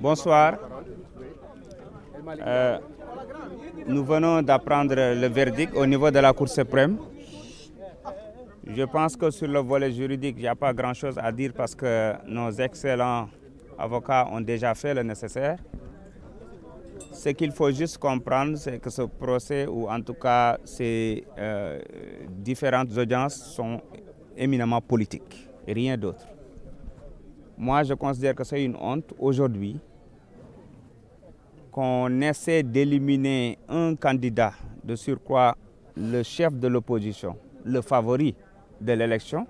Bonsoir. Euh, nous venons d'apprendre le verdict au niveau de la Cour suprême. Je pense que sur le volet juridique, il n'y a pas grand-chose à dire parce que nos excellents avocats ont déjà fait le nécessaire. Ce qu'il faut juste comprendre, c'est que ce procès, ou en tout cas ces euh, différentes audiences, sont éminemment politiques, rien d'autre. Moi, je considère que c'est une honte aujourd'hui qu'on essaie d'éliminer un candidat, de surcroît le chef de l'opposition, le favori de l'élection,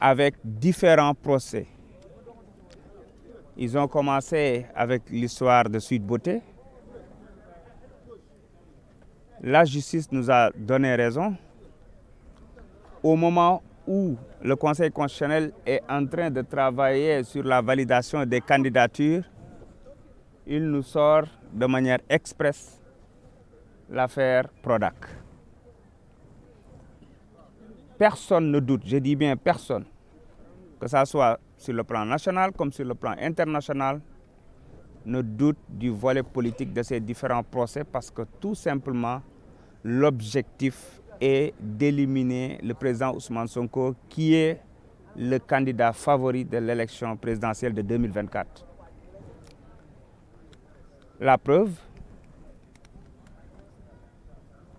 avec différents procès Ils ont commencé avec l'histoire de Sweet Beauté. La justice nous a donné raison au moment où le Conseil constitutionnel est en train de travailler sur la validation des candidatures. Il nous sort de manière expresse l'affaire Prodac. Personne ne doute, je dis bien personne, que ça soit sur le plan national comme sur le plan international, ne doute du volet politique de ces différents procès parce que tout simplement, l'objectif est d'éliminer le président Ousmane Sonko qui est le candidat favori de l'élection présidentielle de 2024. La preuve,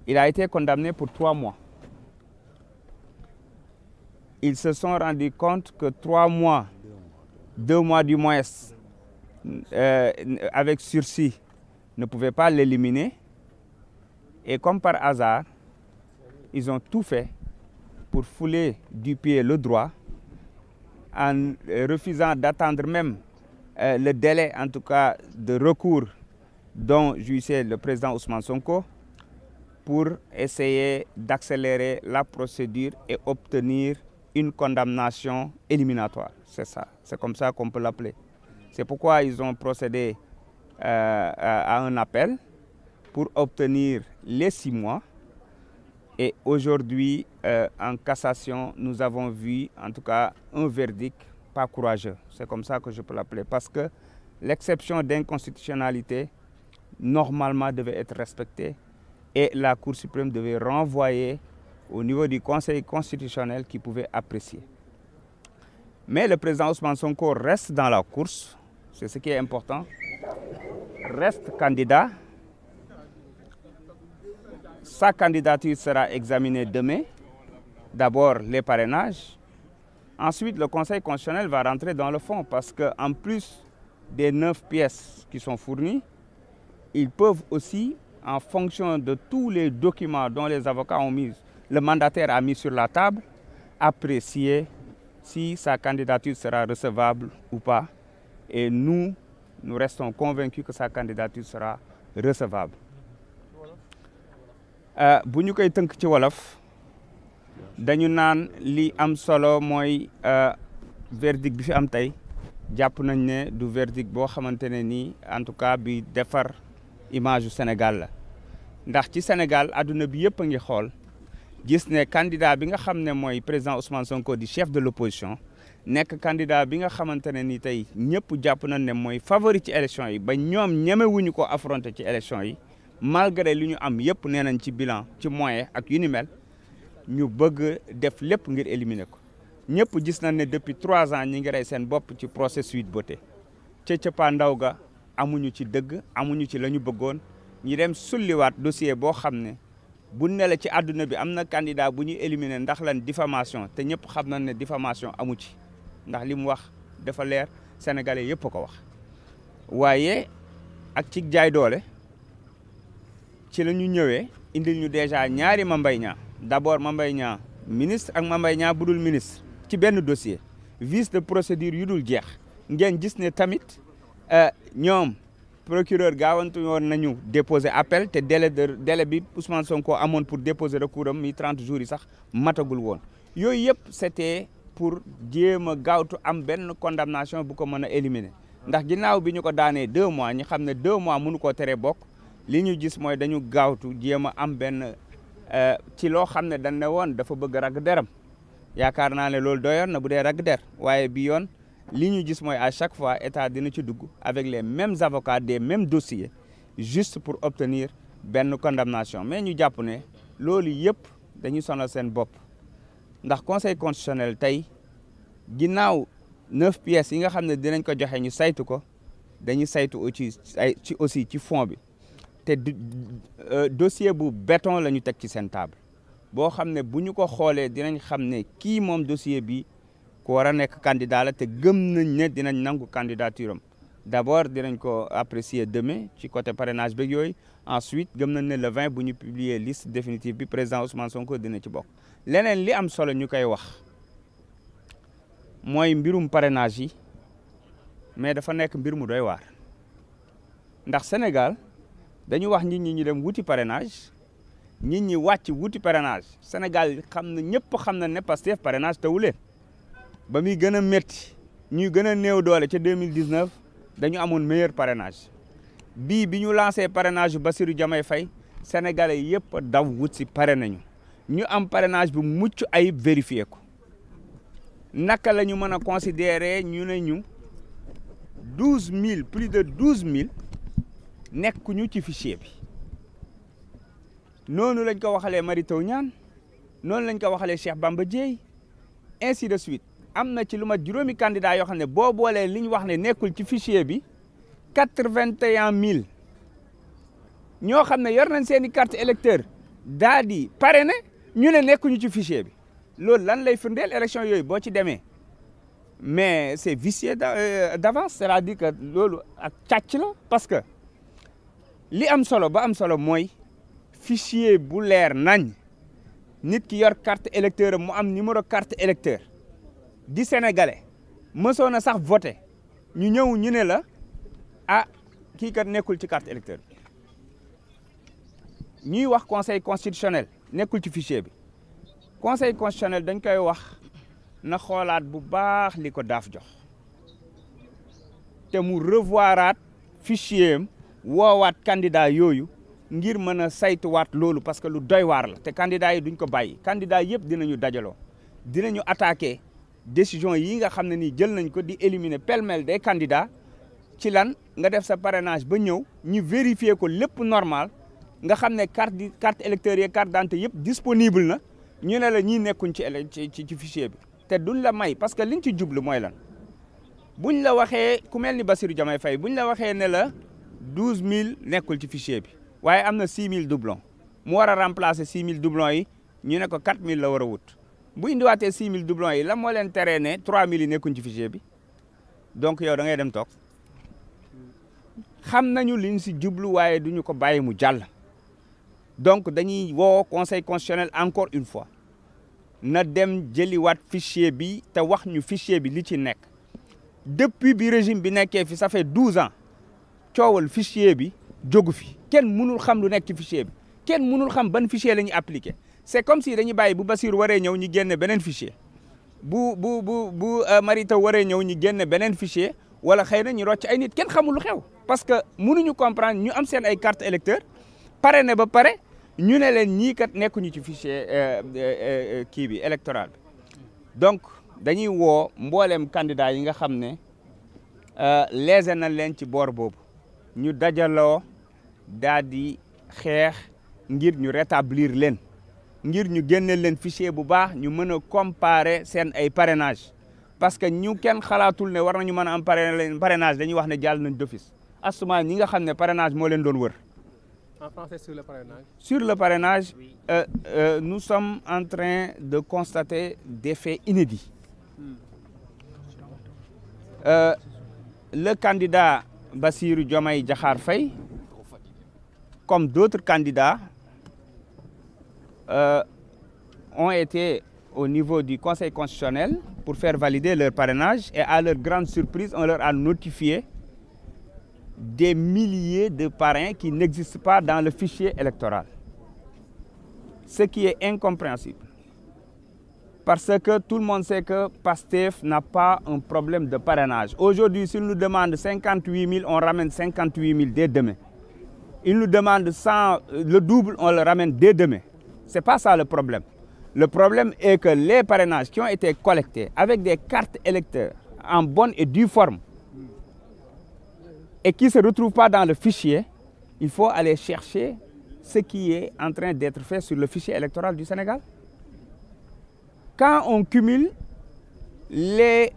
il a été condamné pour trois mois. ils se sont rendus compte que trois mois, deux mois du moins, euh, avec sursis, ne pouvaient pas l'éliminer. Et comme par hasard, ils ont tout fait pour fouler du pied le droit en euh, refusant d'attendre même euh, le délai, en tout cas, de recours dont jouissait le président Ousmane Sonko pour essayer d'accélérer la procédure et obtenir une condamnation éliminatoire. C'est ça, c'est comme ça qu'on peut l'appeler. C'est pourquoi ils ont procédé euh, à un appel pour obtenir les six mois. Et aujourd'hui, euh, en cassation, nous avons vu en tout cas un verdict pas courageux. C'est comme ça que je peux l'appeler. Parce que l'exception d'inconstitutionnalité, normalement, devait être respectée et la Cour suprême devait renvoyer au niveau du Conseil constitutionnel qui pouvait apprécier. Mais le président Ousmane Sonko reste dans la course, c'est ce qui est important, reste candidat. Sa candidature sera examinée demain. D'abord les parrainages. Ensuite, le Conseil constitutionnel va rentrer dans le fond parce qu'en plus des neuf pièces qui sont fournies, ils peuvent aussi, en fonction de tous les documents dont les avocats ont mis le mandataire a mis sur la table, apprécier si sa candidature sera recevable ou pas. Et nous, nous restons convaincus que sa candidature sera recevable. Euh, bu ñu koy tënk ci wolof dañu naan li am solo mooy euh, verdict bi fi am tey jàpp nañ ne du verdict boo xamante ne nii en tout cas bi defar image u la ndax ci Sénégal adduna bi yëpp a ngi xool gis ne candidat bi nga xam ne mooy président Ousmane Sonko di chef de l'opposition nekk candidat bi nga xamante ne ni tey ñëpp jàpp nañ ne mooy favori ci élection yi ba ñoom ñemewuñu ko affronter ci élection yi malgré lu ñu am yëpp nee nañ ci bilan ci moyen ak yu ni mel ñu bëgg def lépp ngir éliminer ko ñëpp gis nañ ne depuis trois ans ñi ngi rey seen bopp ci procès Sweet Beauté ca cëppaandaw ga amuñu ci dëgg amuñu ci la ñu bëggoon ñu dem sulliwaat dossier boo xam ne bu ne ci àdduna bi am na candidat bu ñuy éliminer ndax lan diffamation te ñëpp xam nañ ne diffamation amu ci ndax li mu wax dafa leer sénégalais yëpp ko wax waaye ak ci jaay doole ci la ñu ñëwee indi ñu déjà ñaari Mame Mbaye Niang d'abord Mame Mbaye ministre ak Mame Mbaye bu dul ministre ci benn dossier vice de procédure yu dul jeex ngeen gis ne tamit euh, ñoom procureur gaawantu woon nañu déposé appel te délé de délai bi Ousmane Sonko amoon pour déposer recours am mi 30 jours sax matagul woon yooyu yëpp c'était pour jéem a gaawtu am benn condamnation bu ko mën a éliminer ndax ginnaaw bi ñu ko daanee deux mois ñu xam ne deux mois mënu koo teree bokk li ñu gis mooy dañu gaawtu jéem a am benn euh, ci loo xam ne dañ ne woon dafa bëgg rag deram yaakaar naa ne loolu doyoon na bu dee rag der waaye bi yoon lii ñu gis mooy à chaque fois état dina ci dugg avec les mêmes avocats des mêmes dossier juste pour obtenir benn condamnation mais ñu jàpp ne loolu yëpp dañu sonal seen bopp ndax conseil constitutionnel tey ginnaaw neuf pièces yi nga xam ne dinañ ko joxe ñu saytu ko dañu saytu aussi ci aussi ci fond bi te euh, dossier bu beton la ñu teg ci seen boo xam ne bu ñu ko xoolee dinañ xam ne kii moom dossier bi ku a nekk candidat la te nañ ne dinañ nangu candidature am d' abord dinañ ko apprécier demain ci côté parrainage beeg yooyu ensuite gëm nañ ne le 20 bu ñu publier liste définitive bi président Ousmane Sonko dina ci bokk leneen li am solo ñu koy wax mooy mbirum parrainage yi mais dafa nekk mbir mu doy waar ndax Sénégal dañu wax nit ñi ñu dem wuti parenage nit ñi wàcc wuti parrainage Sénégal xam na ñëpp xam na ne Pastef parrainage tawuleen ba muy gën a métti ñuy gën a néew doole ca deux mille dix neuf dañu amoon meilleur parrainage bii bi ñu lancé parenage ba siru Diomaye fay sénégalais yëpp daw wut si pare nañu ñu am parenage bu mucc ay vérifié ko naka la ñu mën a considérer ñu ne ñu douze mille plus de douze mille nekkuñu ci fichier bi noonu lañ ko waxalee Mary Teuw Niane noonu lañ ko waxalee Cheikh ba Dièye ainsi de suite am na ci lu ma juróomi candidat yoo xam ne boo boolee li ñu wax ne nekkul ci fichier bi quatre-vingt-un mille ñoo xam ne yor nañ seen i carte électeur daa di pare ne ñu ne nekkuñu ci fichier bi loolu lan lay firndeel élection yooyu boo ci demee mais c'est vicié euh, d'avance c'est-à-dire que loolu ak càcc la parce que li am solo ba am solo mooy fichier bu leer nañ nit ki yor carte électeur mu am numéro carte électeur di sénégalais mësoon na sax voté ñu ñëw ñu ne la ah kii kat nekkul ci carte électeur ñuy wax conseil constitutionnel nekkul ci fichier bi conseil constitutionnel dañ koy wax na xoolaat bu baax li ko daaf jox te mu revoiraat fichier am woowaat candidaa yooyu ngir mën a saytuwaat loolu parce que lu doy waar la te candidat yi duñ ko bàyyi candidat yëpp dinañu dajaloo dinañu attaqué décision yi nga xam ne nii jël nañ ko di éliminer pêle-mêle des candidats ci lan nga def sa parrainage ba ñëw ñu vérifier ko lépp normal nga xam ne carte di carte électeur yi carte d'identité yëpp disponible na ñu ne la ñii nekkuñ ci ci ci fichier bi. te duñ la may parce que liñ ci jublu mooy lan bu ñu la waxee ku mel ni Bassirou fay bu ñu la waxee ne la douze mille nekkul ci fichier bi waaye am na six mille doublons mu war a remplacer six mille doublons yi ñu ne ko quatre mille la war a wut. bu indiwaatee 6000 doublons yi la moo leen teree ne 3000 yi nekkuñ ci fichier bi donc yow da ngay dem toog xam nañu liñ si jublu waaye duñu ko bàyyi mu jàll donc dañuy woo conseil constitutionnel encore une fois na dem jëliwaat fichier bi te wax ñu fichier bi li ci nekk depuis bi régime bi nekkee fi ça fait 12 ans coowal fichier bi jógu fi kenn mënul xam lu nekk ci bi kenn munul xam ban fichier la ñuy appliqué c'est comme si dañuy bàyyi bu Bassirou waree ñëw ñu génne beneen fichier bu bu bu bu euh, Marita waree ñëw ñu génne beneen fichier wala xëy nañu ñu rocc ay nit kenn xamul xew parce que mënuñu comprendre ñu am seen ay carte électeur pare ne ba pare ñu ne leen ñii kat nekkuñu ci fichier euh, euh, kii bi électoral donc dañuy woo mbooleem candidat yi nga xam ne léser na leen ci boor boobu ñu dajaloo daal di xeex ngir ñu rétablir leen ngir ñu génneel leen fichier bu baax ñu mën a comparer seen ay parrainage parce que ñu kenn xalaatul ne war ñu mën a am parrainage dañuy wax ne jàll nañ d'office asuma ñi nga xam ne parrainage moo leen doon wër. en français sur le parrainage. sur le parrainage oui. euh, euh, nous sommes en train de constater des faits inédits. Hmm. le candidat Bassirou Diomaye Diakhar Faye comme d'autres candidats euh, ont été au niveau du Conseil pour faire valider leur parrainage et à leur grande surprise, on leur a notifié des milliers de parrains qui n'existent pas dans le fichier électoral. Ce qui est incompréhensible. Parce que tout le monde sait que PASTEF n'a pas un problème de parrainage. Aujourd'hui, s'il nous demande 58 000, on ramène 58 000 dès demain. Il nous demande 100, le double, on le ramène dès demain. C'est pas ça le problème. Le problème est que les parrainages qui ont été collectés avec des cartes électeurs en bonne et due forme et qui ne se retrouvent pas dans le fichier, il faut aller chercher ce qui est en train d'être fait sur le fichier électoral du Sénégal. Quand on cumule les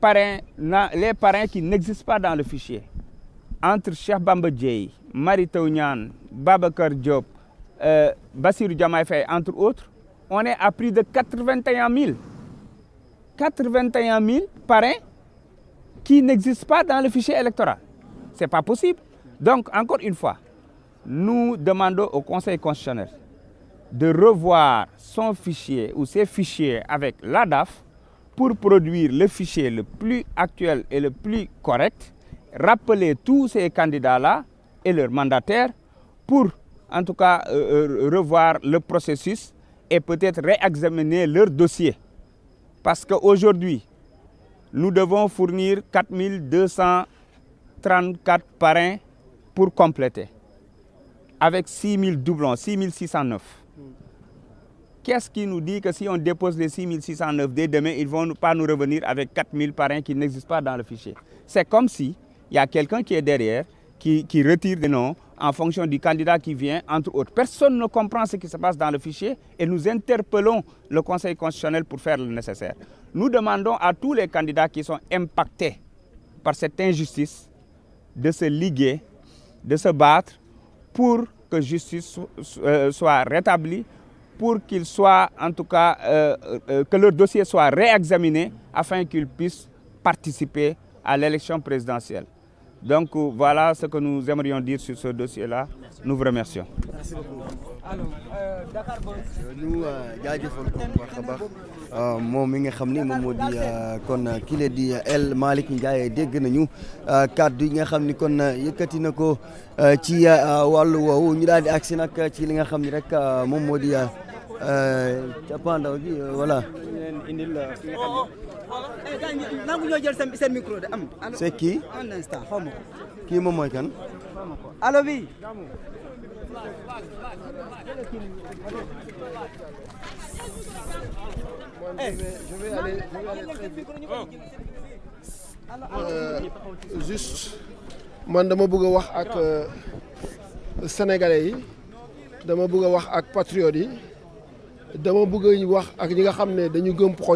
parrains, les parrains qui n'existent pas dans le fichier, entre Cheikh Bamba Dièye, Mary Teuw Niane, Babacar Diop, euh, Bassirou Diomaye Faye entre autres on est à prix de quatre-vingt-un mille quatre-vingt-un mille parrains qui n'existent pas dans le fichier électoral c'est pas possible donc encore une fois nous demandons au Conseil constitutionnel de revoir son fichier ou ses fichiers avec l'ADAF pour produire le fichier le plus actuel et le plus correct, rappeler tous ces candidats-là et leurs mandataires en tout cas euh, euh, revoir le processus et peut-être réexaminer leur dossier. Parce qu'aujourd'hui, nous devons fournir 4234 parrains pour compléter, avec 6000 doublons, 6609. Qu'est-ce qui nous dit que si on dépose les 6609 dès demain, ils ne vont pas nous revenir avec 4000 parrains qui n'existent pas dans le fichier C'est comme s'il y a quelqu'un qui est derrière qui, qui retirent des en fonction du candidat qui vient, entre autres. Personne ne comprend ce qui se passe dans le fichier et nous interpellons le Conseil constitutionnel pour faire le nécessaire. Nous demandons à tous les candidats qui sont impactés par cette injustice de se liguer, de se battre pour que justice euh, soit rétablie, pour qu'ils soient, en tout cas, euh, euh, que leur dossier soit réexaminé afin qu'ils puissent participer à l'élection présidentielle. Donc voilà ce que nous aimerions dire sur ce dossier-là. Nous vous remercions. Merci beaucoup. Euh, euh, euh, ko bu moom mi nga xam ni moom moo di kon ki la di El Malick Ndiaye dégg nañu kàddu yi nga xam ni kon yëkkati na ko ci wàllu woowu ñu daal di si nag ci li nga xam ni rek moom moo di cappaandaw gi voilà. Eh, nangu ñoo jël seen micro de am. c'est qui ma ko. kii moom mooy kan. xaw bi. Eh. Euh, juste man dama bëgg a wax ak euh, sénégalais yi dama bëgg a wax ak patriotes yi dama bëgg a wax ak ñi nga xam ne dañu gëm projet